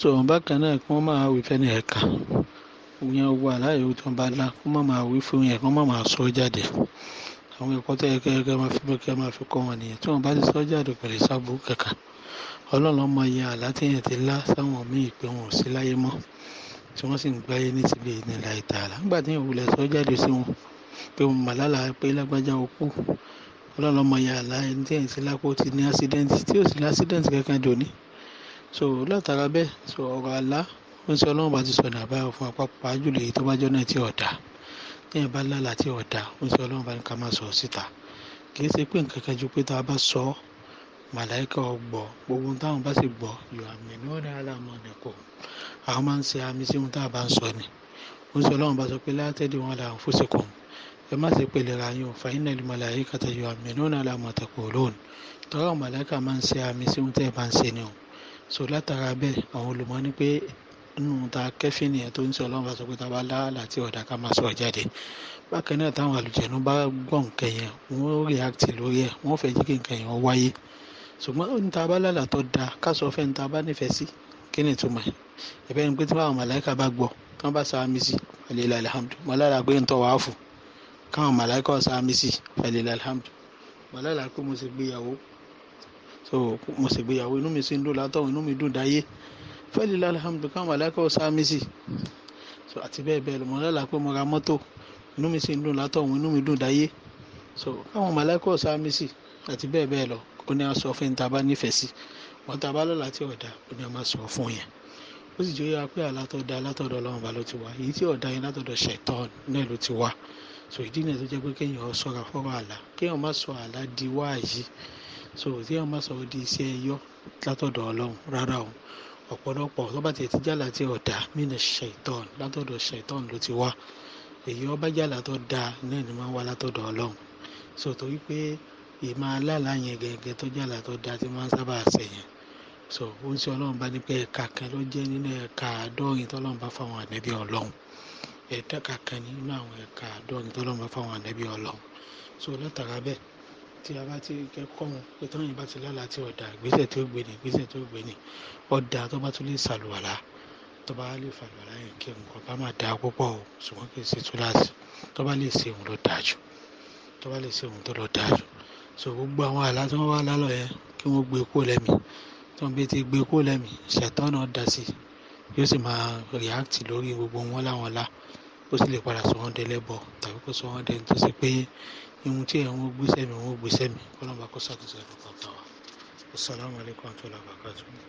so bákan náà kí wọ́n máa wí fẹ́ni ẹ̀ka ìyẹn wà láàyè tó ń bá dá kó má máa wí fún yẹn kó má máa sọ jáde àwọn ẹ̀kọ́ tó yẹ kẹ́ kẹ́ máa fi kẹ́ máa fi kọ́ wọn nìyẹn tí wọ́n bá ti sọ jáde kò lè sábò kankan ọlọ́run ọmọ yẹn àlá tí yẹn ti lá sáwọn míì pé wọn ò sí láyé mọ́ tí wọ́n sì ń gbáyé ní tìbí ìnira ìtààlà nígbà tí yẹn wulẹ̀ sọ jáde sí wọn pé wọn mà lálàá pé lágbájá o ọlọ́run ọmọ yẹn àlá ẹni tí yẹn ti lá kó ti ní accident tí ò sí ní accident kankan dòní so látara bẹ́ẹ̀ so ọ̀rọ̀ àlá ó sọ ọlọ́run bá ti sọ ọ̀nà àbáyọ fún apá pàájùlọ èyí tó bá jọ náà tí ọ̀dà téèyàn bá lálàá tí ọ̀dà ó sọ ọlọ́run bá ní ká máa sọ ọ síta kì í ṣe pé nǹkan kan ju pé tá a bá sọ ọ màláìka ọgbọ gbogbo táwọn bá sì gbọ́ yóò àmì ní ọdẹ aláàmọ nìkọ àwọn máa ń ṣe àmì sí ohun tá a bá ń sọ ni ó sọ ọlọ́run bá sọ pé látẹ́dí wọn là ń fòṣe kùn ẹ má ṣe pèlè ra yín o fàyín náà màláìka tẹ yóò àmì ní ọdẹ aláàmọ tẹ lónìí tọ́rọ màláìka máa ń ṣe àmì sí ohun tẹ́ ẹ bá ń ṣe ni o so látara bẹ́ẹ̀ àwọn olùmọ̀ ní pé nínú ta kẹ́fìnì yẹn tó ń sọ ọlọ́run bá sọ pé ta bá láàlà tí ọ̀dà ká máa sọ jáde bákan náà táwọn àlùjẹ̀nu bá gbọ́ nǹkan yẹn wọ́n react lórí ẹ̀ wọ́n fẹ́ jí kí nǹkan yẹn wáyé ṣùgbọ́n ó ní ta bá láàlà tó da ká sọ fẹ́ ní ta bá nífẹ̀ẹ́ sí kí ni ìtumọ̀ ẹ̀bẹ́ ni pé tí àwọn màláìka bá gbọ́ kán bá sàmì sí alẹ́lẹ́ alhamdu mọ́lára pé ń tọ́ wàá fò káwọn màláìka sàmì sí alẹ́lẹ́ alhamdu mọ́lára pé mo sì gbéyàwó so mo ṣègbéyàwó inú mi sì ń dùn látọ̀ inú mi dùn dáyé fẹ́ẹ́lì lálàmdù káwọn aláìkọ́ sáàmì sí so àti bẹ́ẹ̀ bẹ́ẹ̀ lọ́mọ lọ́la pé mo ra mọ́tò inú mi sì ń dùn látọ̀ inú mi dùn dáyé so káwọn aláìkọ́ sáàmì sí àti bẹ́ẹ̀ bẹ́ẹ̀ lọ ó ní aṣọ fún ta bá nífẹ̀ẹ́ sí wọn ta bá lọ́la tí ọ̀dà ó ní a máa sọ fún yẹn ó sì jọyọ̀ pé alátọ̀dá alátọ̀dọ̀ ọlọ́run bá ló ti wá èyí tí ọ̀dà yẹn látọ̀dọ̀ ṣẹ̀tọ́ náà ló ti wá so ìdí náà tó jẹ́ pé kéèyàn ṣọ́ra fọ́rọ̀ àlá kéèyàn má sọ àlá di wáàyí so tí a máa sọ di iṣẹ́ ẹyọ látọ̀dọ̀ ọlọ́run rárá o ọ̀pọ̀lọpọ̀ tó bá tiẹ̀ ti jàlá tí ọ̀dà mina shaitan látọ̀dọ̀ shaitan ló ti wá èyí ọba jàlá tó dáa náà ni máa wá látọ̀dọ̀ ọlọ́run so torí pé ìmọ̀ aláàlá yẹn gẹ́gẹ́ tó jàlá tó dáa ti máa ń sábà ṣẹ̀yìn so ohun tí ọlọ́run bá ní pé ẹ̀ka kan ló jẹ́ nínú ẹ̀ka àádọ́rin tọ́lọ́run bá fáwọn ànẹ́bí ọlọ́run ẹ̀ka kan nínú àwọn ẹ̀ka àádọ́rin tọ́lọ́run bá fáwọn ànẹ́bí ọlọ́run so látara bẹ́ẹ̀ tí a bá ti kẹ́ kọ́ wọn pé táwọn yìí bá ti lálàá tí ọ̀dà ìgbésẹ̀ tí ó gbé ni ìgbésẹ̀ tí ó gbé ni ọ̀dà tó bá tún lè ṣàlùwàlá tó bá lè fàlùwàlá yẹn kí nǹkan bá máa dáa púpọ̀ o ṣùgbọ́n kì í ṣe túláàsì tó bá lè ṣe òun ló dáa jù tó bá lè ṣe òun tó lọ dáa jù so gbogbo àwọn àlá tí wọ́n wá lálọ́ yẹn kí wọ́n gbé kó lẹ́mìí tí wọ́n bẹ ti gbé kó lẹ́mìí ṣẹ̀tọ́nà dá sí lá ó sì lè padà sọ wọn dẹlẹ́bọ tàbí kó sọ wọn ihun tí àwọn gbé sẹ́mi àwọn gbé sẹ́mi kọ́lọ́mù bá kó sàkóso ẹ̀kọ́ kan tán wa. Assalamu alaikum warahmatullahi wabarakatuh.